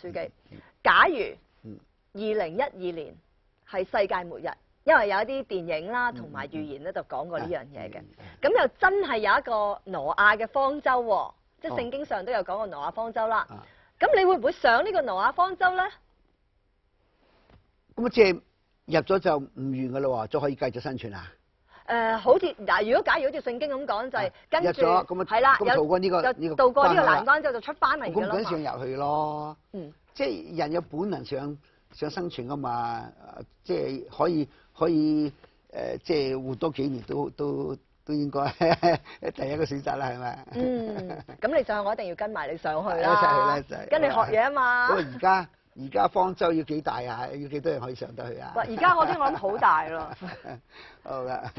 書、嗯、記、嗯，假如二零一二年係世界末日，因為有一啲電影啦同埋預言咧就講過呢樣嘢嘅，咁、嗯嗯嗯、又真係有一個挪亞嘅方舟喎、哦，即係聖經上都有講過挪亞方舟啦。咁、哦啊、你會唔會上呢個挪亞方舟呢？咁啊，即係入咗就唔完噶啦喎，就可以繼續生存啊？誒、呃，好似嗱，如果假如好似聖經咁講，就係、是、跟住係啦，有、這個、渡過呢個呢個難關之後、這個、後就出翻嚟嘅，咁緊上入去咯，嗯，即係人有本能想想生存㗎嘛，即係可以可以誒、呃，即係活多幾年都都都應該 第一個選擇啦，係咪？嗯，咁你上去，我一定要跟埋你上去啦，就是就是、跟你學嘢啊嘛。咁而家。 而家方舟要幾大啊？要幾多人可以上得去啊？喂，而家我啲諗 好大咯。好啦。